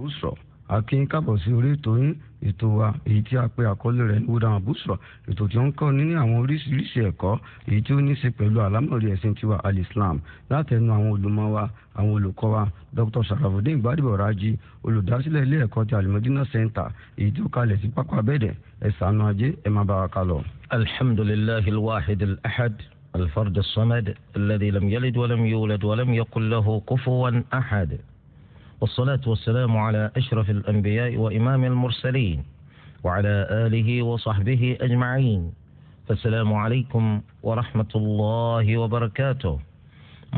bùsọ̀ akin kábọ̀ sí orí ètò yín ètò wa èyí tí a pe àkọlé rẹ̀ ní wúdà àbúsọ̀ ètò tí ó ń kọ́ ní ní àwọn oríṣiríṣi ẹ̀kọ́ èyí tí ó ní í ṣe pẹ̀lú àlámọ̀rí ẹ̀sìn tiwa alislam látẹnu àwọn olùmọ̀ wa àwọn olùkọ́ wa dr sarafudin gbadebo raji olùdásílẹ̀ ilé ẹ̀kọ́ ti alimọ̀dínà center èyí tí ó kalẹ̀ sí pápá abẹ́dẹ̀ ẹ̀sánú ajé ẹ̀ má bàa ká lọ. alhamdulilayi alwahid alahad alfarj samad alladhi lam yalid wa lam yulad kufuwan ahad. والصلاة والسلام على أشرف الأنبياء وإمام المرسلين وعلى آله وصحبه أجمعين فالسلام عليكم ورحمة الله وبركاته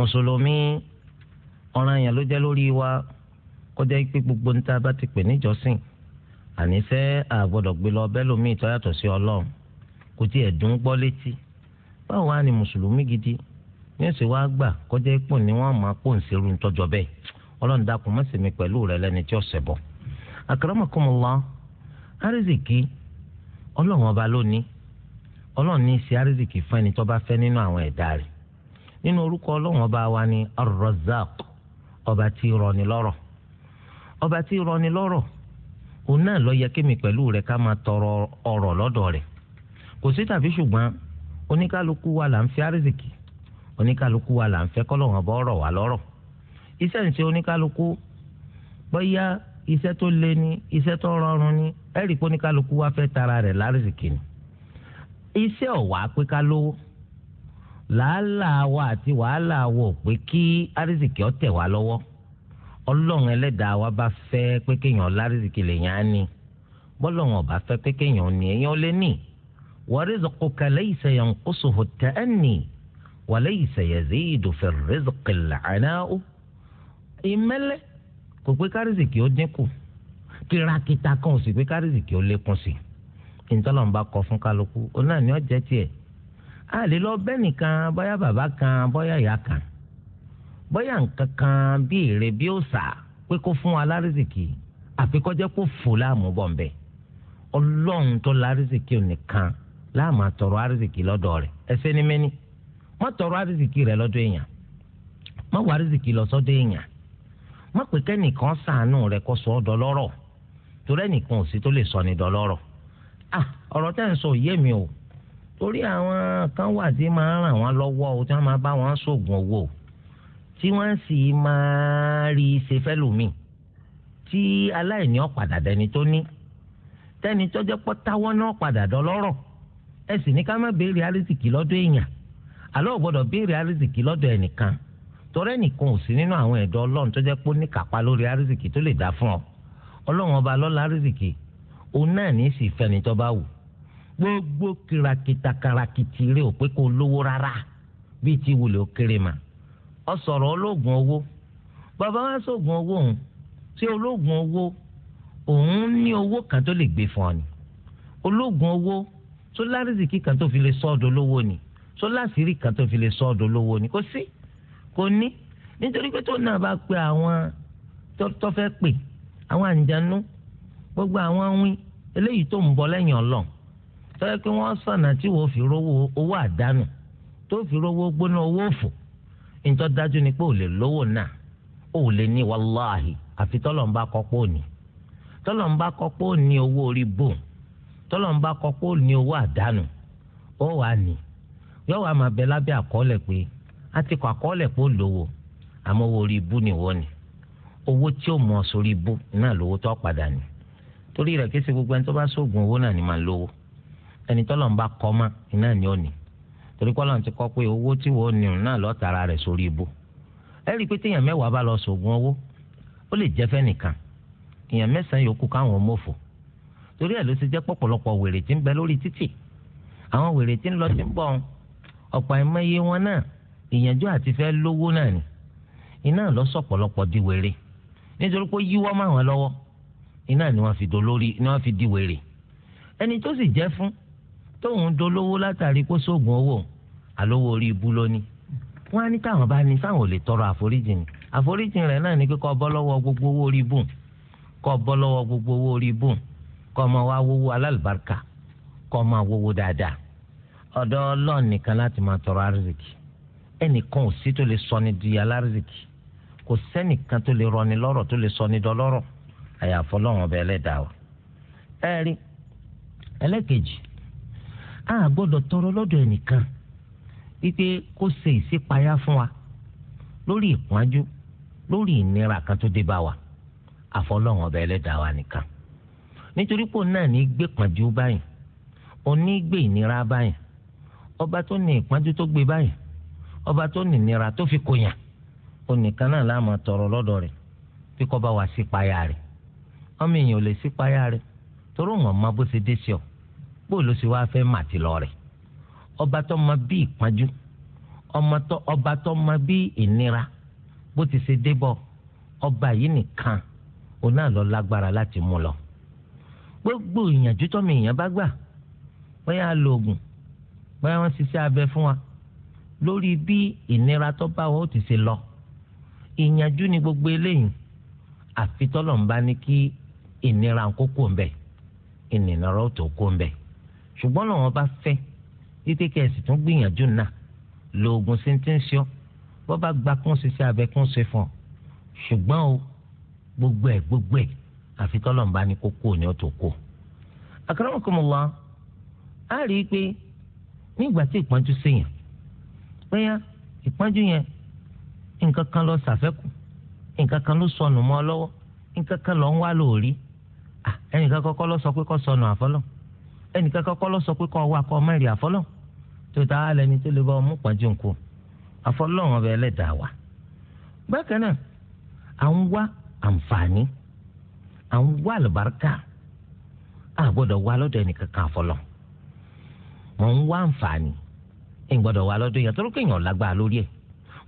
مسلمي أنا يلجلوا لي و قد يكبب بنتابتك بني جوسين ànífẹ́ àgbọ̀dọ̀ gbé lọ bẹ́ẹ̀ lómi ìtọ́ yàtọ̀ sí ọlọ́run kò tí ẹ̀ dùn gbọ́ létí báwo wá ni mùsùlùmí gidi ní ẹ̀sìn wá ọlọ́run dákun má ṣe mi pẹ̀lú rẹ lẹ́ni tí ó ṣẹbọ. akramakumullah arizikì ọlọ́run ọba lónìí ọlọ́run ní í ṣe arizikì fún ẹni tó bá fẹ́ nínú àwọn ẹ̀dá rẹ̀ nínú orúkọ ọlọ́run ọba wa ni ar-razzaq ọba tí rọni lọ́rọ̀ ọba tí rọni lọ́rọ̀ òun náà ló yẹ kémi pẹ̀lú rẹ̀ ká máa tọrọ ọrọ̀ lọ́dọ̀ rẹ̀ kò sí tàbí ṣùgbọ́n oníkálukú wa là ń fẹ́ arizikì oníkálukú wa là ń fẹ́ kọ́lọ́run ọba ọrọ̀ wa lọ́rọ̀ iṣẹ́ ń ṣe oníkálukú bóyá iṣẹ́ tó le ni iṣẹ́ tó rọrùn ni ẹ̀rí pé oníkálukú wá fẹ́ tara rẹ̀ lárìsìkì ni iṣẹ́ ọ̀wá pé ká lówó làálàá wa àti wàhálà wa ò pé kí àrìsìkì ó tẹ̀ wá lọ́wọ́ ọlọ́run ẹlẹ́dàá wa bá fẹ́ pé kéèyàn lárìsìkì lèèyàn á ní bọ́lọ́run ọ̀bá fẹ́ pé kéèyàn ní èèyàn lé ní wa rizquka laysa yanqusuhu at-ta'anni wa laysa yazidu fi ar-rizqi ìmẹ́lẹ́ kò pé kárìsìkì ó dínkù kìràkìtà kan ò sì pé kárìsìkì ó lékún sí i ìtọ́lọ́n bá kọ fún kálukú ó náà ní ọ̀jẹ̀ tiẹ̀ a lè lọ bẹ́ẹ̀ nìkan bóyá bàbá kan bóyá ìyá kan bóyá nǹkan kan bí èrè bí òòsà pé kó fún wa lárìsìkì àfi kọjá kó fò láàmú bọ̀ nbẹ ọlọ́run tó lárìsìkì nìkan láàmú àtọ̀rọ̀ àrìsìkì lọ́dọ̀ rẹ̀ ẹsẹ̀ ní mẹ́ni má àrìsìkì rẹ̀ lọ́dọ̀ èèyàn má àrìsìkì lọ èèyàn má pé kẹ́nìkan sàánú rẹ kó sọ ọ́ dọlọ́rọ̀ torí ẹnìkan ò sí tó lè sọ ni dọlọ́rọ̀ ah ọ̀rọ̀ tẹ́ ń sọ yé mi o torí àwọn kan wà tí máa ń ràn wọ́n lọ́wọ́ o tí wọ́n máa bá wọn sògùn owó o tí wọ́n sì máa rí i ṣe fẹ́lòmíì tí aláìní ọ̀padà dẹni tó ní tẹ́ni tó jẹ́ pọ́ táwọn náà padà dọlọ́rọ̀ ẹ sì ní ká má béèrè àrísìkì lọ́dọ̀ èèyàn àlọ́ ò gbọ́dọ̀ béèrè àrísìkì lọ́dọ̀ ẹnìkan tọrẹ nìkan ò sí nínú àwọn ẹ̀dọ́ Ọlọ́run tó jẹ́ pé ó ní kápá lórí arísìkì tó lè dá fún ọ Ọlọ́run ọba lọlá arísìkì òun náà ní sì fẹni tó bá wù gbogbo kìràkìtà kàràkìtì rẹ ò pé kó lówó rárá bíi ti wulẹ̀ ó kéré mà ọ sọ̀rọ̀ olóògùn owó bàbá wa sóògùn owó òun tí olóògùn owó òun ní owó kan tó lè gbé fún ọ ni olóògùn owó tó lárísìkì kan tó fi lè sọ́ọ̀dọ̀ lówó ni tó láṣìírí kan tó fi lè sọ́ọ̀dọ̀ lówó ni kò sí. So kò ní nítorí pé tó náà bá pe àwọn tó pè àwọn àǹjánú gbogbo àwọn wín eléyìí tó ń bọ lẹ́yìn ọlọ́ tọ́jú pé wọ́n sọ̀nà tí wọ́n fi rówó owó àdánù tó fi rówó gbóná owó òfò nítorí dájú ni pé ò lè lówó náà ò lè ní wàláhì àfi tọ́lọ̀ ń bá kọ́ pé ò owó orí bò tọ́lọ̀ ń bá owó àdánù ó wà ní yóò wá máa bẹ lábẹ́ àkọọ́lẹ̀ pé a ti kọ àkọọ́lẹ̀ pé ó lówó àmọ́ owó orí ibú nìwọ ni owó tí ó mọ sórí ibú náà lówó tó padà ni torí rẹ̀ kí ṣe gbogbo ẹni tó bá sóògùn owó náà ni máa lówó ẹni tọ́lọ̀ ń bá kọ́ mọ́ iná ni ó ní torí kọ́lọ̀ ti kọ́ pé owó tí wọ́n ní òun náà lọ́ọ́ tara rẹ̀ sórí ibú ẹ rí i pé téèyàn mẹ́wàá bá lọ sóògùn owó ó lè jẹ́ fẹ́nìkan èèyàn mẹ́sàn-án yòókù káwọn mọ̀fọ̀ torí ẹ̀ ló ti jẹ́ pọ̀pọ̀lọpọ̀ wèrè tí ń bẹ lórí títì àwọn wèrè tí ń lọ sí ń bọ̀ ọ̀pọ̀ àìmọye wọn náà ìyànjú àti fẹ́ lówó náà ni iná lọ sọ̀pọ̀lọpọ̀ di wèrè nítorí pé yíwọ́ máa wọn lọ́wọ́ iná ni wọ́n fi dolórí ni wọ́n fi di wèrè ẹni tó sì jẹ́ fún tóun dolówó látàrí kó sóògùn owó àlówó orí ibú lónìí wọ́n á ní táwọn bá ní sáwọn ò lè tọrọ àforíjì ni àforíjì rẹ̀ náà ni pé kó bọ́ lọ́wọ́ gbogbo owó orí bùn kó bọ́ lọ́wọ́ gbogbo owó orí bùn kó máa wá wówó alálùbáríkà kó máa wówó dáadáa ọ̀dọ̀ Ọlọ́run nìkan láti máa tọrọ àrísìkì ẹnìkan ò sí tó lè sọni di alárìkì kò sẹ́nìkan tó lè rọni lọ́rọ̀ tó lè sọni dọlọ́rọ̀ àyàfọ́ lọ́wọ́n ọba ẹlẹ́dàá wa. ẹ rí ẹlẹ́kejì a gbọ́dọ̀ tọrọ lọ́dọ̀ ẹnìkan wípé kó ṣe ìṣípayá fún wa lórí ìpọ́njú lórí ìnira kan tó dé bá wa àfọlọ́wọ́n ọba ẹlẹ́dàá wa nìkan nítorí pò náà ní gbé pọ́njú báyìí òní gbé ìnira báyìí ọba tó ní ìpọ́njú tó gbé báyìí ọba tó nìnira tó fi kóyàn onìkan náà láàmú tọrọ lọ́dọ̀ rẹ̀ bí kò bá wà sí payá rẹ̀ ọmọ èèyàn ò lè sí payá rẹ̀ torí wọn mọ bó ṣe dé sí ọ bó ló ṣe wáá fẹ́ mà ti lọ rẹ̀ ọba tó mọ bí ìpọ́njú ọba tó mọ bí ìnira bó ti ṣe dé bọ̀ ọba yìí nìkan òun náà lọ lágbára láti mú lọ gbogbo ìyànjú tọ́mọ èèyàn bá gbà bóyá a lo oògùn bóyá wọ́n ṣiṣẹ́ abẹ fún wa lórí bí ìnira tó bá wọn ó ti ṣe lọ ìyànjú ni gbogbo eléyìí àfi tọ́lọ̀ ń bá ní kí ìnira ń kókó ń bẹ̀ ìnira ó tó kó ń bẹ̀ ṣùgbọ́n làwọn bá fẹ́ títí kẹ̀sì tún gbìyànjú náà lóògùn sí ti ń ṣọ́ bó bá gba kún ṣiṣẹ́ abẹ kún ṣe fún ọ ṣùgbọ́n o gbogbo ẹ̀ gbogbo ẹ̀ àfi ń bá ní kókó ni ó tó kó. àkàràmọ̀kọ́mọ́ wa á rí i pé nígbà tí ìpọ́njú ṣèyàn bóyá ìpọ́njú yẹn nǹkan kan lọ sàfẹ́kù nǹkan kan ló sọnù mọ́ ọ lọ́wọ́ nǹkan kan lọ ń wá lóòrí ẹnìkan kọ́kọ́ lọ sọ pé kó sọnù àfọlọ́ ẹnìkan lọ sọ pé kó wá kó mẹ́rin àfọlọ́ tó ta á lẹni tó lè bá ọmú pọ́njú nǹkó àfọlọ́ wọn bẹ ẹlẹ́dàá wa. bákan náà à ń wá àǹfààní à ń wá àlùbáríkà wá kan àfọlọ́ ń wá ń gbọ́dọ̀ wà lọ́dọ̀ èèyàn torí pé èèyàn lágbára lórí ẹ̀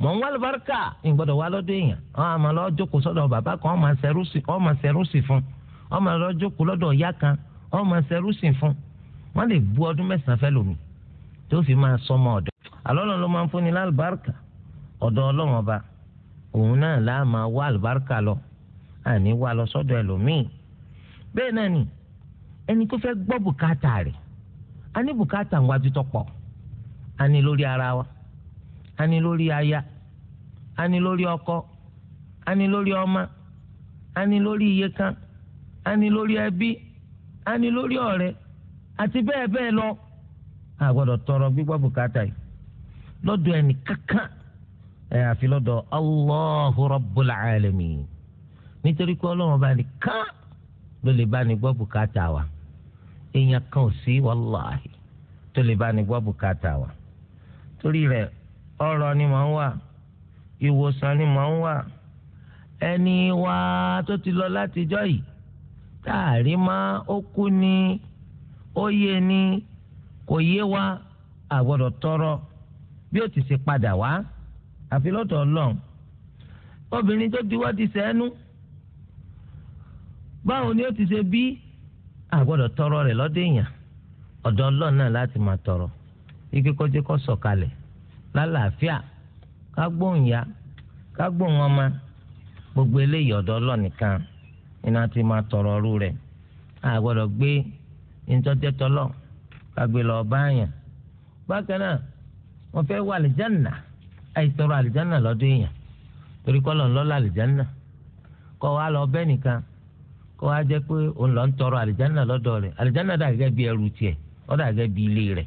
mọ̀ ń wá lùbáríkà ń gbọ́dọ̀ wá lọ́dọ̀ èèyàn àwọn àmọ́ lọ́ọ́ jókòó sọ́dọ̀ bàbá kan ọmọ sẹ́rù sí fún ọmọ lọ́ọ́ jókòó lọ́dọ̀ ìyá kan ọmọ sẹ́rù sí fún wọ́n lè bu ọdún mẹ́sàn-án fẹ́ lómi tó fi máa sọmọ ọ̀dọ̀ alọ́nà ló máa ń fún ni lálùbáríkà ọ̀dọ̀ ọlọ́run ọba a ní lórí ara wa a ní lórí aya a ní lórí ọkọ a ní lórí ọmọ a ní lórí iye kan a ní lórí ẹbí a ní lórí ọ̀rẹ́ àti bẹ́ẹ̀ bẹ́ẹ̀ lọ. a tọrọ gbígbọ́ bùkátà yìí lọ́dọ̀ ẹnì kankan ẹ̀ àfi lọ́dọ̀ Allahu Rabbul Alamin nítorí pé ọlọ́run bá nìkan ló lè bá ní gbọ́ bùkátà wa èèyàn kan ò sí wàláhì tó lè bá ní gbọ́ bùkátà wa torí rẹ̀ ọrọ ni mò ń wà ìwòsàn ni mò ń wà ẹni wa tó ti lọ látijọ́ yìí táàrí má ó kú ni ó yé ni kò yé wa àgbọ́dọ̀ tọrọ bí ó ti ṣe padà wá àfi lọ́dọ̀ Ọlọ́run obìnrin tó diwọ́ ti sẹ́nu báwo ni ó ti ṣe bí àgbọ́dọ̀ tọrọ rẹ̀ lọ́dọ̀ èèyàn ọ̀dọ̀ Ọlọ́run náà láti máa tọrọ ike kọjá kọ sọ̀kalẹ̀ lálàáfíà ká gbóhùn ya ká gbóhùn ọmọ gbogbo eléyìí ọ̀dọ̀ ọlọ́nìkan iná ti máa tọrọ ọrú rẹ àgbọdọ gbé ntọ́jẹ́ tọlọ́ ká gbé lọ báyàn bákan náà fẹ́ wọ àlìjánà àìsọ̀rọ̀ àlìjánà lọ́dún èèyàn torí kọ́ lọ́la àlìjánà kọ́ wa lọ bẹ́ẹ̀ nìkan kọ́ wa jẹ́ pé òun tọrọ àlìjánà lọ́dọ̀ àlìjánà bí ẹrù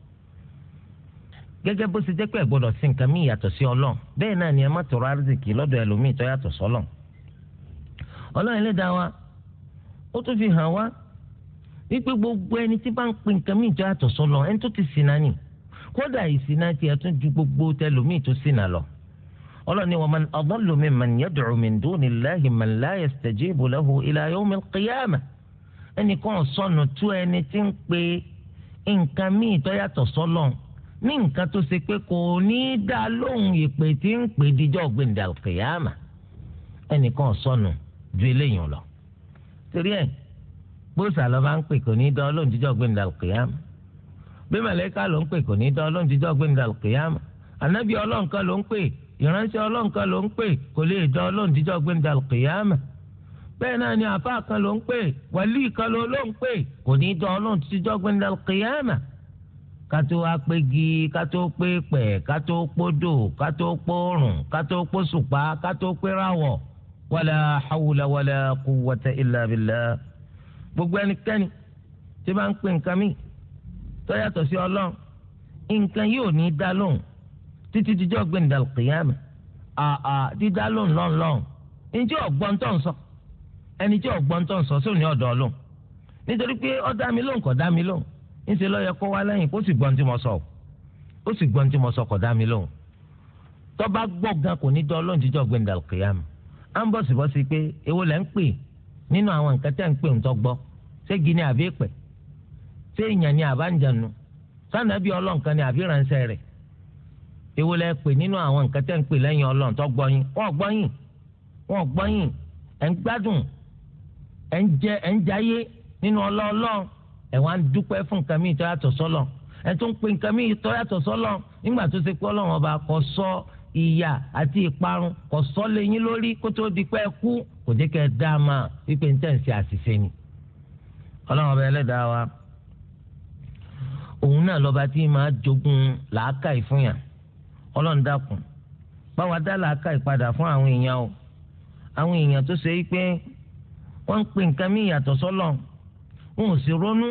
gẹ́gẹ́ bó ṣe jẹ́ pé ẹ gbọ́dọ̀ sí nǹkan míì yàtọ̀ sí ọlọ́run bẹ́ẹ̀ náà ni ẹ má tọrọ àrísìkì lọ́dọ̀ ẹlòmíì tó yàtọ̀ sọ́lọ́run ọlọ́run ẹlẹ́dàá wa ó tún fi hàn wá wípé gbogbo ẹni tí bá ń pè nǹkan míì tó yàtọ̀ sọ́lọ́run ẹni tó ti ṣìnà ni kódà ìṣìnà tiẹ̀ tún ju gbogbo tẹlòmíì tó ṣìnà lọ ọlọ́run ni wa man adallu mimman yad'u min dunillahi man la yastajibu lahu ila yawmil qiyamah nǹkan míì tó yàtọ̀ sọ́lọ́run ní nǹkan tó ṣe pé kò ní í dá lóhùn ìpè tí ń pè díjọ́ gbẹ̀ǹdà kìyàmà ẹnìkan sọnù ju eléyìí lọ torí ẹ gbóòsà lọ bá ń pè kò ní í dán lóhùn díjọ́ gbẹ̀ǹdà kìyàmà bí màlẹ́kà ló ń pè kò ní í dán lóhùn díjọ́ gbẹ̀ǹdà kìyàmà ànábì ọlọ́nkan ló ń pè ìránṣẹ́ ọlọ́nkan ló ń pè kò lè dán lóhùn díjọ́ gbẹ̀ǹdà kìyàmà bẹ́ẹ̀ náà ni àfáà kan ló ń pè wàlíì kan ló ń pè kò ní í dán lóhùn díjọ́ gbẹ̀ǹdà kìyàmà kátó apégi kátó pépẹ̀ kátó pódò kátó pórùn kátó pósùpá kátó péráwọ̀ wàlà hawùlà wàlà quwwata illa billah gbogbo ẹnikẹ́ni tí bá ń pè nǹkan mi tó yàtọ̀ sí ọlọ́run nǹkan yóò ní í dá lóhùn títí díjọ́ gbẹ̀ndàl kìyàmù àà dídá lóhùn lọ́n lọ́n ǹjẹ́ ọ̀gbọ́n tó ń sọ ẹni tí ọ̀gbọ́n tó ń sọ sóò ní ọ̀dọ̀ ọlọ́run nítorí pé ó dá mi lóhùn kò dá mi lóhùn ńṣe lọ́yẹ kó wá lẹ́yìn kó sì gbọ́n tí mo sọ ó sì gbọ́n tí mo sọ kọ̀ dá mi lóhùn tó bá gbọ́ gan kò ní dán ọlọ́run jíjọ́ gbẹ̀ndà kìyàm à ń bọ̀ síbọ̀ sí pé èwo lẹ́ ń pè nínú àwọn nǹkan tẹ́ ń pè ń tọ́ gbọ́ ṣé igi ni àbí ìpẹ́ ṣé èèyàn ni àbájánu sànàbí ọlọ́run kan ni àbí ránṣẹ́ rẹ̀ èwo lẹ́ pè nínú àwọn nǹkan tẹ́ ń pè lẹ́yìn ọlọ́run tó gbọ́yìn wọ́n gbọ́yìn wọ́n gbọ́yìn ẹ̀ ń gbádùn ẹ̀ ń jẹ ẹ̀ ń jayé nínú ọlọ́ọ̀lọ́ọ̀ ẹ wá ń dúpẹ́ fún nǹkan míì tó yàtọ̀ sọ́lọ̀ ẹ tó ń pe nǹkan míì tó yàtọ̀ sọ́lọ̀ nígbà tó ṣe pé ọlọ́run ọba kò sọ ìyà àti ìparun kò sọ lẹ́yìn lórí kó tó di pé ẹ kú kò jẹ́ kẹ́ ẹ dá a máa wípé ní tẹ̀sí àṣìṣe ni ọlọ́run ọba ẹlẹ́dàá wa òun náà lọ́ba tí máa jogún làákàyè fún yàn ọlọ́run dákun báwa dá làákàyè padà fún àwọn èèyàn o àwọn èèyàn tó ṣe é wọ́n ń pe nǹkan míì yàtọ̀ sọ́lọ́run wọn ò sì ronú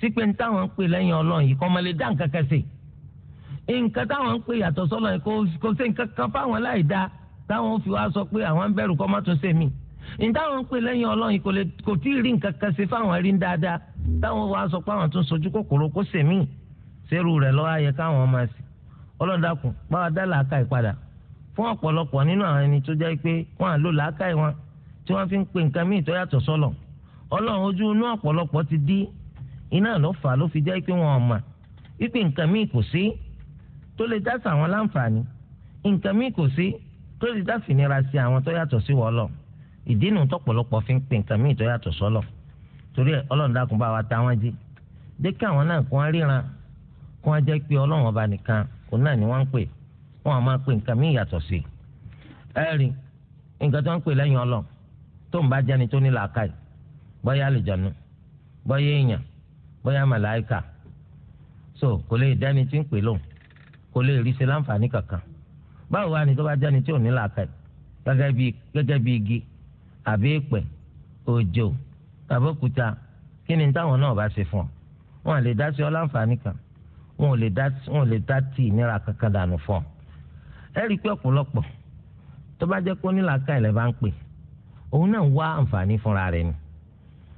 sí pé ní táwọn ń pè lẹ́yìn ọlọ́run yìí kọ́ máa lè dá nǹkan kan sí nǹkan táwọn ń pè yàtọ̀ sọ́lọ́ yìí kò sí nǹkan kan fáwọn láì dá táwọn fi wá sọ pé àwọn ń bẹ̀rù kọ́ má tún ṣe mí táwọn ń pè lẹ́yìn ọlọ́run yìí kò tí ì rí nǹkan kan sí wá sọ pé àwọn tún sojú kòkòrò kó ṣe mí ṣerú lọ́wọ́ ayẹ káwọn máa sì ọlọ́dàkùn báwa dá làákà ìpadà fún ọ̀pọ̀lọpọ̀ nínú àwọn ẹni tó jẹ́ pé wọ́n á lò tí wọ́n ọlọ́run ojú inú ọ̀pọ̀lọpọ̀ ti dí iná ló fà ló fi jẹ́ pé wọn ò mà wípé nǹkan míì kò sí tó lè dá sàwọn láǹfààní nǹkan míì kò sí tó lè dá fìnira sí àwọn tó yàtọ̀ sí wọ́ọ́lọ̀ ìdínú tọ̀pọ̀lọpọ̀ fi ń pè nǹkan míì tó yàtọ̀ sọ́lọ̀ torí ẹ̀ ọlọ́run dákun bá wa ta wọ́n jí jẹ́ kí àwọn náà kó wọn ríran kó wọn jẹ́ pé ọlọ́run ọba nìkan òun náà ni wọ́n ń pè wọ́n á máa pè nǹkan míì yàtọ̀ sí ẹ̀rí nǹkan tó ń pè lẹ́yìn ọlọ́run tó ń bá jẹ́ni tó ní làákàyè bóyá àlùjànnú bóyá èèyàn bóyá màláìkà so kò lè dání tí ń pè lóhùn kò lè rí ṣe láǹfààní kankan báwo wá ni tó bá jáni tí ò ní làákàyè gẹ́gẹ́ bí gẹ́gẹ́ bí igi àbí ìpẹ òjò àbókúta kí ni táwọn náà bá ṣe fún ọ wọn à lè dá sí ọ láǹfààní kan wọn ò lè dá wọn ò lè dá tì ìnira kankan dànù fún ọ ẹ rí i pé ọ̀pọ̀lọpọ̀ tó bá jẹ́ kó ní làákàyè lẹ́ bá ń pè òun náà wá àǹfààní fúnra rẹ̀ ni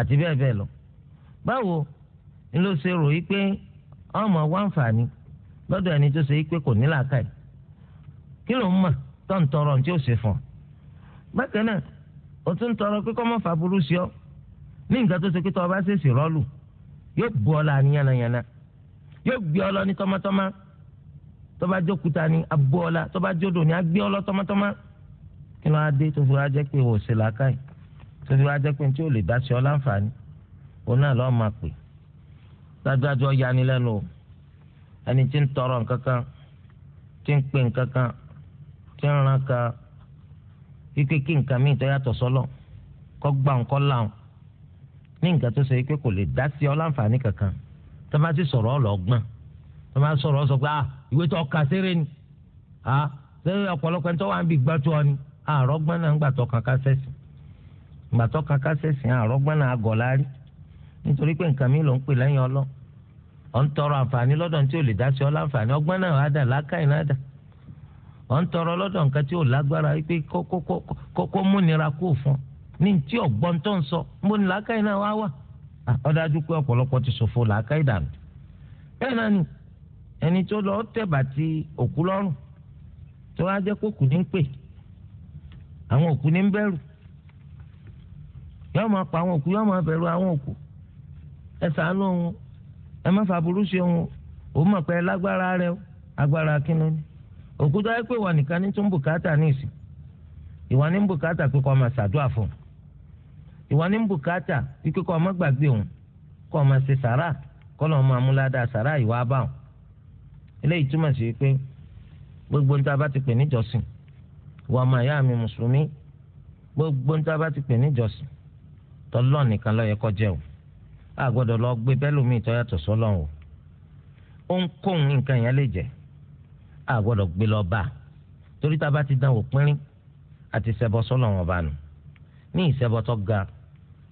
àti bẹ́ẹ̀ bẹ́ẹ̀ lọ. báwo ni ló ṣe rò yí pé ọmọ wá ǹfààní lọ́dọ̀ ẹni tó ṣe yí pé kò ní làákàyè kí ló ń mọ̀ tó ń tọrọ tí ó ṣe fún bákan náà o tún tọrọ pé kọ́mọ́ fàbúrú sí ọ ní nǹkan tó ṣe pé tọ́ ọ bá ṣèṣì rọ́ọ̀lù yóò bu ọ láàrin yánnayànna yóò gbé ọ lọ ní tọmọtọmọ tó bá jókúta ní abú ọ la tó bá jódò ní agbé ọ lọ tọmọtọmọ kí ló á dé tó fi wá jẹ́ pé wò ó ṣe làákàyè tó ti wá jẹ́ pé tí ò lè dá sí ọ láǹfààní òun náà lọ́ọ́ máa pè dájúdájú ọ yanilẹ́nu o ẹni tí ń tọrọ nǹkan kan tí ń pè nǹkan kan tí ń ran ka wípé kí nǹkan míì tó yàtọ̀ sọ́lọ̀ kọ́ gbà ń kọ́ làwọn ní nǹkan tó ṣe wípé kò lè dá sí ọ láǹfààní kankan tó bá ti sọ̀rọ̀ ọlọ́gbọ́n tó bá sọ̀rọ̀ sọ pé ah ìwé tó kà séré ni ah ṣé ọ̀pọ̀lọpọ̀ ẹni tó wà ń bí gbàtọ́ ni ah, àárọ̀ gbọ́n náà ń gbàtọ̀ kankan sẹ́sìn gbàtọ́ kaka sẹ̀sìn àrọ́gbọ́n náà gọ̀ lárí nítorí pé nǹkan mi ló ń pè lẹ́yìn ọlọ́ ọ̀ ń tọrọ àǹfààní lọ́dọ̀ tí ò lè dá sí ọ láǹfààní ọgbọ́n náà á dà lákàì náà dà ọ̀ ń tọrọ lọ́dọ̀ nǹkan tí ò lágbára pé kókó múnira kó fún ọ ní tí ọ̀gbọ́n tó ń sọ mo ní náà wá wà ó dájú pé ọ̀pọ̀lọpọ̀ ti ṣòfò làákàyè dànù ni ẹni tó lọ tẹ̀bà ti òkú lọ́rùn tó wá jẹ́ kókù ní ń pè àwọn yóò máa pa àwọn òkú yóò máa bẹ̀rù àwọn òkú ẹ ṣàánú wọn ẹ má fàbúrú ṣe wọn òun mọ̀ pé lágbára rẹ agbára kínní ni òkú tó yẹ pé wà nìkan ní tó ń bùkátà ní ìsìn ìwà ní ń bùkátà pé kó máa ṣàdúrà fún un ìwà ní ń bùkátà pé kó máa gbàgbé òun kó máa ṣe sàrà kó lọ́ọ́ máa mú ládàá sàrà ìwà abáwọn eléyìí túmọ̀ sí pé gbogbo ń bá ti pè níjọsìn wọ́n máa yá mi mùsùlùmí gbogbo ń bá ti pè níjọsìn tọ́lọ́ nìkan ló yẹ kó jẹ́ o a gbọ́dọ̀ lọ gbé bẹ́lòmíì tó yàtọ̀ sọ́lọ́ o ohunkóhun nǹkan yẹn lè jẹ́ a gbọ́dọ̀ gbé lọ bá torí tá a bá ti dán wò pínrín àti ṣẹbọ sọ́lọ́ wọn bá nù ní ìṣẹbọ tó ga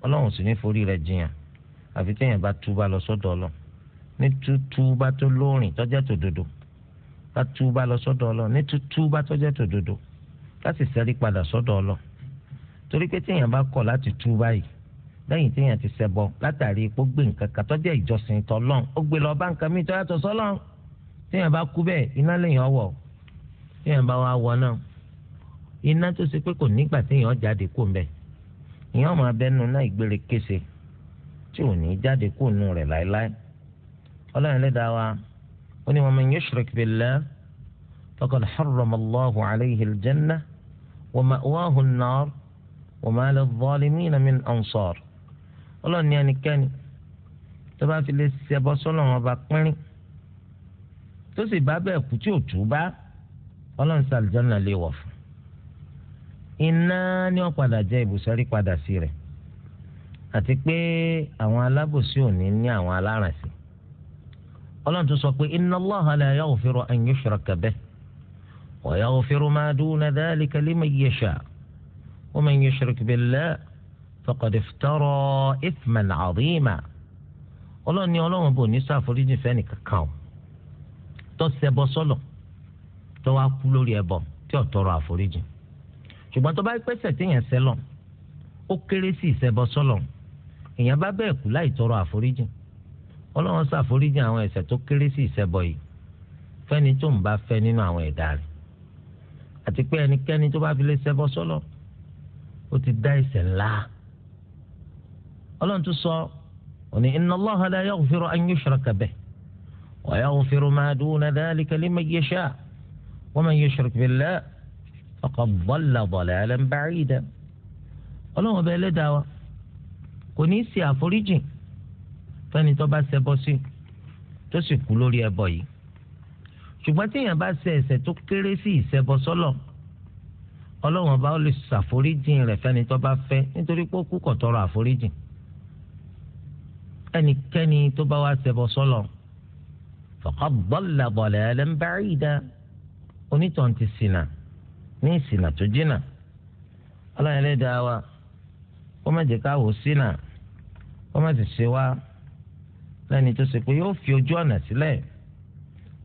ọlọ́run sì ní forí rẹ̀ jiyàn àfi téèyàn bá túbà lọ sọ́dọ̀ ọlọ́ ní túbà tó lóòrìn tọ́jẹ́ tó dodo túbà lọ sọ́dọ̀ ọlọ́ ní túbà tọ́jẹ́ tó dodo ká padà sọ́dọ̀ ọlọ́ torí pé téèyàn bá kọ̀ láti túbà yìí lẹ́yìn tí èèyàn ti ṣẹbọ látàrí ipò gbé nǹkan kan tọ́jú ìjọsìn tọ́lọ́n ó gbé lọ bá nǹkan mi tó yàtọ̀ sọ́lọ́n tí èèyàn bá kú bẹ́ẹ̀ iná lèèyàn wọ̀ tí èèyàn bá wá wọ náà iná tó ṣe pé kò nígbà tí èèyàn jáde kó ń bẹ̀ èèyàn máa bẹnu náà ìgbére kése tí ò ní jáde kó nù rẹ̀ láéláé ọlọ́run lẹ́dàá wa ó ní wa man yushrik billah faqad harrama Allahu alayhi al-jannah wa ma'wahu an-nar wa ma lil-zalimin min ansar ọlọ́ọ̀ni ẹnikẹ́ni tó bá fi lè ṣẹbọ wọn ọba pínrín tó sì bá bẹ́ẹ̀ kú tí ò tú bá ọlọ́run sàlùjọ́nà lè wọ̀ fún iná ni wọ́n padà jẹ́ ibùsọ̀rí padà sí rẹ̀ àti pé àwọn alábòsí ò ní àwọn aláràǹsí tó sọ pé inna faqad iftara ithman azima ọlọ́run ní ọlọ́run bò ní ṣàforíjì fẹ́ni kankan o tó ṣẹbọ sọ́lọ̀ tó wá kú lórí ẹbọ tí ò tọrọ àforíjì ṣùgbọ́n tó bá pẹ́sẹ̀ téèyàn sẹ́lọ̀ ó kéré sí ìṣẹbọ sọ́lọ̀ èèyàn bá bẹ́ẹ̀ kú láì tọrọ àforíjì ọlọ́run ṣàforíjì àwọn ẹ̀ṣẹ̀ tó kéré sí ìṣẹbọ yìí fẹ́ni tó ń bá fẹ́ nínú àwọn ẹ̀dá rẹ̀ àti pé ẹnikẹ́ni tó bá fi lè ṣẹbọ sọ́lọ̀ ó ti dá ẹ̀ṣẹ̀ ńlá ọlọ́run tún sọ òní inna Allaha la yaghfiru an yushraka bihi wa yaghfiru ma duna dhalika liman yasha' wa man yushrik billahi faqad dhalla dhalalan ba'ida ọlọ́run ọba ẹlẹ́dàá wa kò ní í ṣe àforíjìn fẹ́ni tó bá ṣẹbọ sí tó sì kú lórí ẹbọ yìí ṣùgbọ́n téèyàn bá ṣe ẹ̀ṣẹ̀ tó kéré sí ìṣẹbọ ọlọ́run ọba ó lè ṣàforíjìn rẹ̀ fẹ́ni tó bá fẹ́ nítorí pé ó kú kò tọrọ ẹnikẹ́ni tó bá wá ṣẹbọ sọ́lọ̀ faqad dalla dalalan ba'ida onítàn ti ṣìnà ní ìṣìnà tó jìnà ọlọ́run ẹlẹ́dàá wa ó má jẹ́ ká wò ṣìnà ó má sì ṣe wá lẹ́ni tó ṣe pé yóò fi ojú ọ̀nà sílẹ̀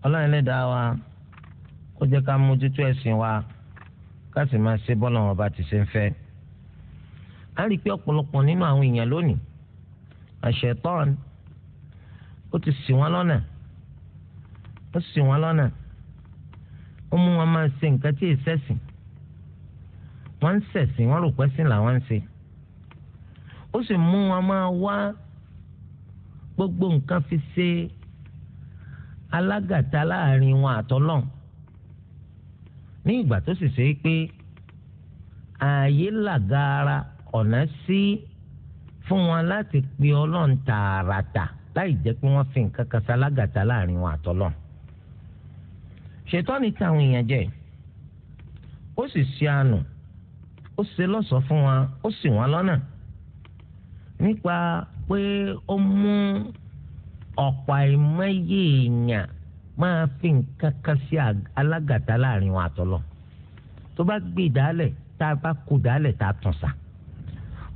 ọlọ́run ẹlẹ́dàá wa ó jẹ́ ká mójútó ẹ̀sìn wa ká sì máa ṣe bọ́lá wọn bá ti ṣe ń fẹ́. a rí i pé ọ̀pọ̀lọpọ̀ nínú àwọn èèyàn lónìí àṣetán ó ti ṣì wọ́n lọ́nà ó ṣì wọ́n lọ́nà ó mú wọn máa ṣe nǹkan tí ìṣẹ̀sìn wọ́n ń ṣẹ̀sìn wọ́n rò pẹ́sìn làwọn ń ṣe ó sì mú wọn máa wá gbogbo nǹkan fi ṣe alágàtà láàrin wọn àtọ́lọ́n ní ìgbà tó sì ṣe é pé ààyè làgàra ọ̀nà sí. Si, fún wọn láti pe ọlọ́run tààràtà láì jẹ́ pé wọ́n fi nǹkan kan ṣalágàtà láàrin wọn àtọ́lọ́ ṣètọ́ni táwọn èèyàn jẹ́ ó sì ṣe àánú ó ṣe lọ́sọ̀ fún wọn ó sì wọ́n lọ́nà nípa pé ó mú ọ̀pọ̀ àìmọye èèyàn máa fi nǹkan kan sí alágàtà láàrin wọn àtọ́lọ́ tó bá gbé ìdálẹ̀ tá a bá kú ìdálẹ̀ tá a tún sáà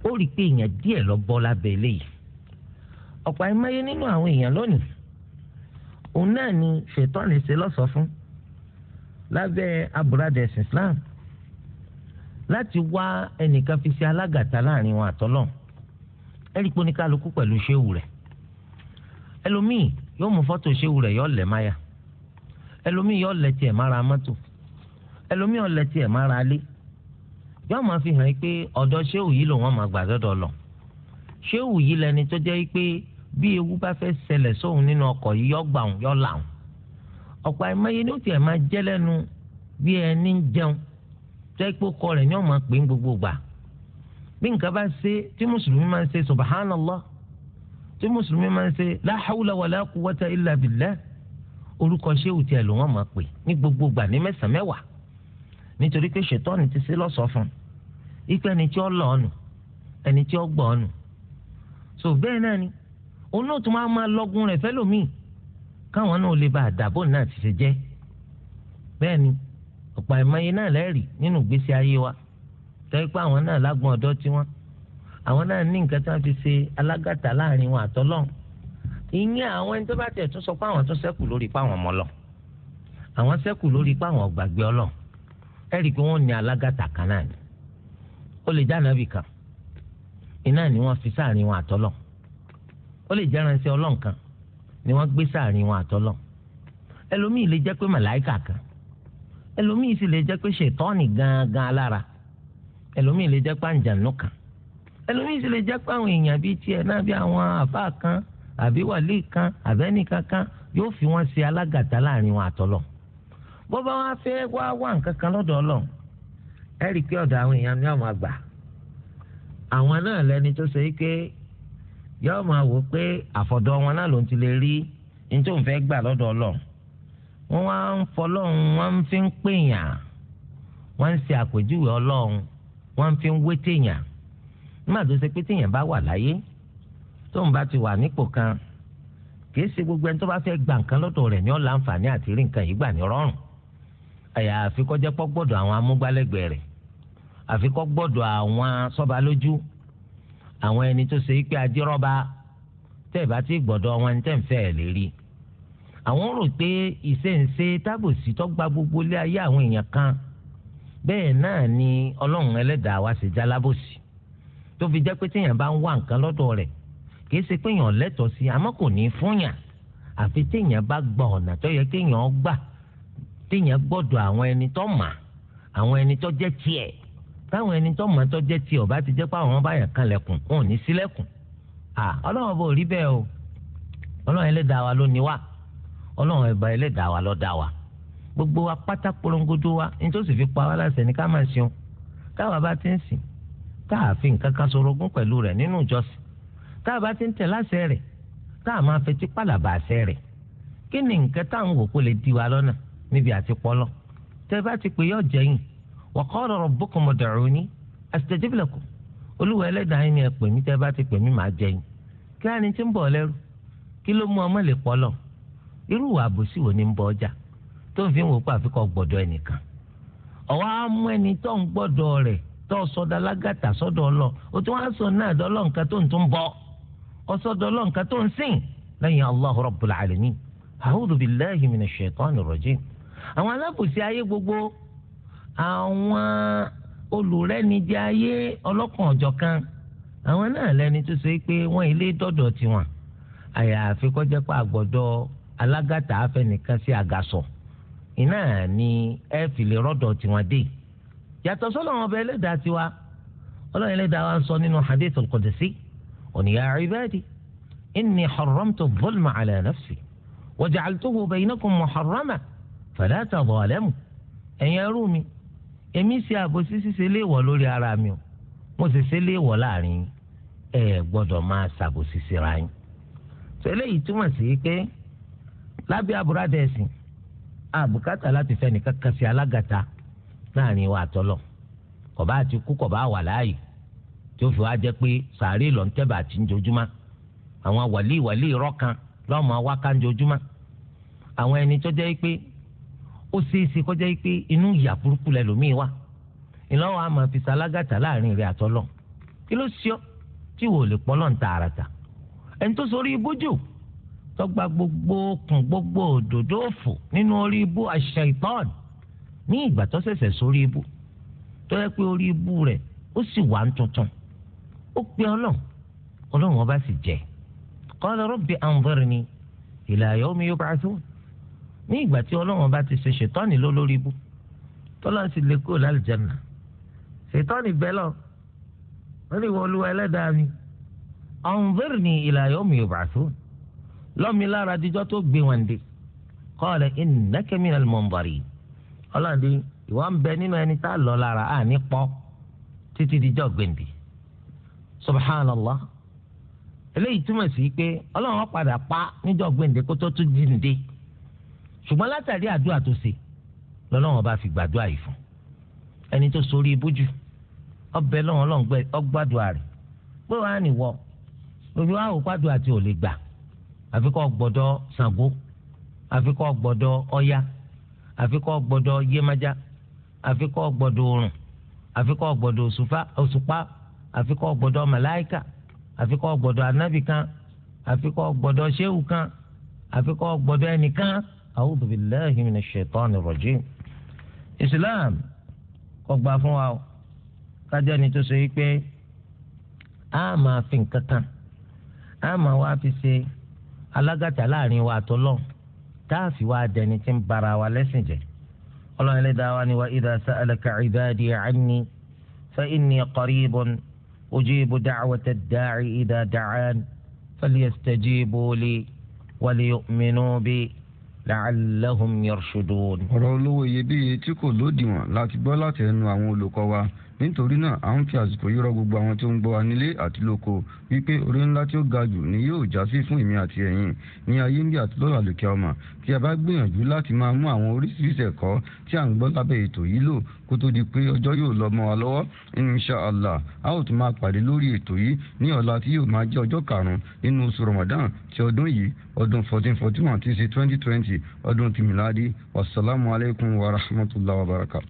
ó rí i pé èèyàn díẹ̀ lọ bọ́ lábẹ́ eléyìí ọ̀pọ̀ àìmọye nínú àwọn èèyàn lónìí òun náà ni ṣètọ́ni ṣe lọ́sọ̀ọ́ fún lábẹ́ aburada Islam láti wá ẹnìkan fi ṣe alágàtà láàrin wọn àtọ́lọ̀ ẹ̀rí pé oníkálukú pẹ̀lú ṣéwù rẹ̀ ẹlòmíì yóò mú fọ́tò ṣéwù rẹ̀ yóò lẹ̀ máyà ẹlòmíì yóò lẹ̀ tiẹ̀ mára mọ́tò ẹlòmíì yóò lẹ̀ tiẹ̀ mára alé yóò máa fi hàn pé ọ̀dọ̀ ṣéwù yìí lòun máa gbà dọ́dọ̀ lọ ṣéwù yìí lẹni tó jẹ́ pé bí ewu bá fẹ́ ṣẹlẹ̀ sóhun nínú ọkọ̀ yìí yọ gbà yọ là ń ọ̀pọ̀ àìmọye ní òtí ẹ̀ máa jẹ́ lẹ́nu bí ẹni ń jẹun jẹ́ pé ọkọ rẹ̀ yóò máa pè é gbogbo gbà bí nǹkan bá ṣe tí mùsùlùmí máa ń ṣe subhanallah tí mùsùlùmí máa ń ṣe la hawla wala quwwata illa billah orúkọ ṣéwù tiẹ̀ ló máa pè ní gbogbo gbà ní mẹ́sàn-án mẹ́wàá nítorí pé ṣètọ́ni ti ṣe lọ́sọ̀ọ́ fún un ipe ẹni tí ó lọ ọnù ẹni tí ó gbọ ọnù so bẹ́ẹ̀ náà ni òun náà tún máa máa lọ́gùn rẹ̀ fẹ́lòmíì káwọn náà lè bá àdàbò náà ti ṣe jẹ́ bẹ́ẹ̀ ni ọ̀pọ̀ àìmọye náà lẹ́rìí nínú ìgbésí ayé wa tẹ́lẹ̀ pé àwọn náà lágbọ́n ọ̀dọ́ tiwọn àwọn náà ní nǹkan tí wọ́n fi ṣe alágàtà láàrin wọn àtọ́lọ́n ìyẹn àwọn ẹni tó bá tẹ̀ tún sọ pé àwọn tún ṣẹ́kù lórí pé àwọn mọ́ lọ àwọn ṣẹ́kù lórí pé àwọn gbàgbé ọlọ́ ẹ̀rí pé wọ́n ní alágàtà kan náà ni ó lè já nàbì kan iná ni wọ́n fi sáàrin wọn àtọ́lọ̀ ó lè jẹ́ ránṣẹ́ ọlọ́run ni wọ́n gbé sáàrin wọn àtọ́lọ̀ ẹlòmíì lè jẹ́ pé màláìkà kan ẹlòmíì sì lè jẹ́ pé ṣètọ́ọ̀nì gangan alára ẹlòmíì lè jẹ́ pé àǹjànú kan ẹlòmíì sì lè jẹ́ pé àwọn èèyàn bíi tiẹ̀ náà bíi àwọn àfáà kan àbí wàlíì kan àbẹ́nìkan kan yóò fi wọ́n ṣe alágàtà láàrin wọn àtọ́lọ̀ bó bá fẹ́ wá wá nǹkan kan lọ́dọ̀ ọlọ́run ẹ rí i pé ọ̀dọ̀ àwọn èèyàn ní àwọn àgbà àwọn náà lẹni tó ṣe pé yóò máa wò pé àfọ̀dọ̀ wọn náà ló ń ti lè rí ní tó ń fẹ́ gbà lọ́dọ̀ ọlọ́run wọ́n wá ń fọlọ́run wọ́n ń fi ń pèèyàn wọ́n ń ṣe àpèjúwe ọlọ́run wọ́n ń fi ń wé téèyàn nígbà tó ṣe pé téèyàn bá wà láyé tóun bá ti wà nípò kan kìí ṣe gbogbo ẹni tó bá fẹ́ gba nǹkan lọ́dọ̀ rẹ̀ ni ó láǹfààní àti rí nǹkan yìí gbà ní rọrùn àyàfi kó pọ́ gbọ́dọ̀ àwọn amúgbálẹ́gbẹ̀ẹ́ rẹ̀ àfi kọ́ gbọ́dọ̀ àwọn sọ́ba lójú àwọn ẹni tó ṣe pé adírọ́ba tẹ́ ẹ̀ bá ti gbọ́dọ̀ wọn ní tẹ̀ǹfẹ́ ẹ̀ lérí. àwọn rò pé ìṣèǹṣe tábòsí tó gba gbogbo ilé ayé àwọn èèyàn kan bẹ́ẹ̀ náà ni ọlọ́run ẹlẹ́dàá wa ṣe jálábòsí tó fi jẹ́ pé téèyàn bá ń wá nǹkan lọ́dọ̀ rẹ̀ kìí ṣe pé èèyàn lẹ́tọ̀ọ́ sí àmọ́ kò ní fúnyàn àfi téèyàn bá gba ọ̀nà tó yẹ kéèyàn gbà téèyàn gbọ́dọ̀ àwọn ẹni tó mà àwọn ẹni tó jẹ́ tiẹ̀ táwọn ẹni tó mọ̀ tó jẹ́ tiẹ̀ ọba ti jẹ́ pé àwọn báyà kan lẹ̀kùn wọn ò ní sílẹ̀kùn ọlọ́run bò rí bẹ́ẹ̀ o ọlọ́run ẹlẹ́dàá wa ló ní wa ọlọ́run ẹ̀bà ẹlẹ́dàá wa ló dá wa gbogbo wa pátá polongodo wa nítòsí fi pa wá láṣẹ ní ká máa ṣeun táwa bá ti ń sìn tá a fi nǹkan kan sorogún pẹ̀lú rẹ̀ nínú ìjọsìn tá a bá ti ń tẹ̀ láṣẹ rẹ̀ tá máa fetí pàlàbà àṣẹ rẹ̀ kí ni nǹkan táwọn wò kó di wa lọ́nà níbi àti pọ́lọ́ tẹ́ bá ti pè yọ jẹ́yìn wa boko rabbukum ud'uni astajib lakum olúwa ẹlẹ́dàá yín ni ẹ pè mí tẹ́ bá ti pè mí màá jẹ yín kí a ní tí ń bọ̀ lẹ́rù kí ló mú ọmọ lè bọ ọjà tó ń fi wò pé àfikọ́ gbọ́dọ̀ ẹnìkan ọ̀wá mú ẹni tó ń gbọ́dọ̀ rẹ̀ tó o tún wá sọ náà dọ́lọ́ nǹkan tó ń tún bọ́ gbogbo àwọn olùrẹ́nijẹ ayé ọlọ́kan ọ̀jọ̀kan àwọn náà lẹni tó ṣe pé wọ́n ilé dọ̀dọ̀ tiwọn àyàfi kọjá pé àgbọ̀dọ̀ alágàtà afẹnìkan sí àgàsọ̀ iná ni ẹ fi lè rọ́dọ̀ tiwọn dé yàtọ̀ sọ́lọ́ wọn bẹ ẹlẹ́dàá tiwa ọlọ́run ẹlẹ́dàá wa ń sọ nínú hadith al ònìyà ibadi inni harramtu dhulma ala nafsi waja'altuhu baynakum muharrama fala tadhalamu ẹ̀yin ẹrú mi èmi ṣe àbòsí ṣíṣe léèwọ̀ lórí ara mi o mo sì ṣe léèwọ̀ láàrin ẹ gbọ́dọ̀ máa ṣàbòsí síra yín tó eléyìí túmọ̀ sí pé lábẹ́ àbúradà ẹ̀sìn àbùkátà láti fẹ́ nìkan kan sí alágàta láàrin wa àtọ́lọ̀ kò bá ti kú kò wà láàyè tí ó fi wá jẹ́ pé sàárè lọ́ntẹ́bà àti njojúmọ́ àwọn wàlíì wàlíì rọ́kan lọ́mọ wákànjojúmọ́ àwọn ẹni tó jẹ́ pé ó ṣeéṣe kọjá yìí pé inú ìyà burúkú lẹlòmíì wà ìlọ́wọ́ àmọ́ fi ṣalágàtà láàrin rẹ̀ àtọ́lọ́ kí ló ṣe ọ́ tí wò lè pọ́lọ́ ń ta àràtà ẹni tó sọ orí ibójú tọ́gba gbogbo kùn gbogbo òdòdó òfò nínú orí ibú àṣà ìtọ́ọ̀nù ní ìgbà tó ṣẹ̀ṣẹ̀ sórí ibú tó yẹ pé orí ibú rẹ̀ ó sì wà ń tuntun ó pe ọlọ́run ọlọ́run ọba sì jẹ́ qala rabbi anzirni ila yawmi yub'athun ní ìgbà tí ọlọ́run bá ti ṣe ṣètọ́ni ló lórí ibú tọ́lọ́run sì lè kúrò lálùjánnà ṣètọ́ni bẹ́lọ̀ wọ́n ní wọlú ẹlẹ́dàá mi anzirni ila yawmi yub'athun lọ́mi lára adijọ́ tó gbé wọn dé qala innaka minal munzirin ọlọ́run dé ìwọ ń bẹ nínú ẹni tá a lọ lára à ní pọ́ títí dijọ́ gbèǹdì subhanallah eléyìí túmọ̀ sí pé ọlọ́run padà pa níjọ́ gbèǹdé kó tó tún ṣùgbọ́n látàrí àdúrà tó ṣe lọ́lọ́wọ́n bá fi gbàdúrà yìí fún ẹni tó sorí ibújú ọbẹ̀ lọ́wọ́n lọ́ngbẹ́ ọgbàdúrà rẹ̀ pé wàá nìwọ lórí wàá wò pàdùn àti ò lè gbà àfikọ́ gbọ́dọ̀ Ṣàngó àfikọ́ gbọ́dọ̀ Ọya àfikọ́ gbọ́dọ̀ Yemọja àfikọ́ gbọ́dọ̀ Òrùn àfikọ́ gbọ́dọ̀ Òṣùpá àfikọ́ gbọ́dọ̀ Màláíkà àfikọ́ gbọ́dọ̀ anábì kan àfikọ́ gbọ́dọ̀ Ṣéhù kan àfikọ́ gbọ́dọ̀ ẹnìkan a'udhu billahi minash shaitani rajim islam kò gbà fún wa o kájọ ni tó ṣe yí pé a máa fi nǹkan kan a máa wá fi ṣe alágàtà láàrin wa àtọlọ́run táàfì wa dẹni tí ń bara wa lẹ́sìn jẹ́ ọlọ́run ẹlẹ́dàá wa ni wa idha sa'alaka ibadi anni fa inni qaribun ujibu da'wata ad-da'i idha da'an falyastajibu li wa liyu'minu bi la'allahum yarshudun. ọ̀rọ̀ olówó iyebíye tí kò lódiwọ̀n láti gbọ́ láti ẹnu àwọn olùkọ́ wa nítorí náà à ń fi àsìkò yìí rọ gbogbo àwọn tí ó ń gbọ́ wa nílé àti lóko wípé orí ńlá tí ó ga jù ni yóò já sí fún èmi àti ẹ̀yin ní ayé ń bí àti lọ́la ọmọ tí a bá gbìyànjú láti máa mú àwọn oríṣiríṣi ẹ̀kọ́ tí à ń gbọ́ lábẹ́ ètò yìí lò kó tó di pé ọjọ́ yóò lọ mọ́ wa lọ́wọ́ insha allah a ó tún máa pàdé lórí ètò yìí ní ọ̀la tí yóò máa jẹ́ ọjọ́ karùn-ún ramadan ti ọdún yìí ọdún fourteen forty one ti ṣe twenty twenty ọdún tìmíláàdì wasalaamualeykum wa rahmatulah wa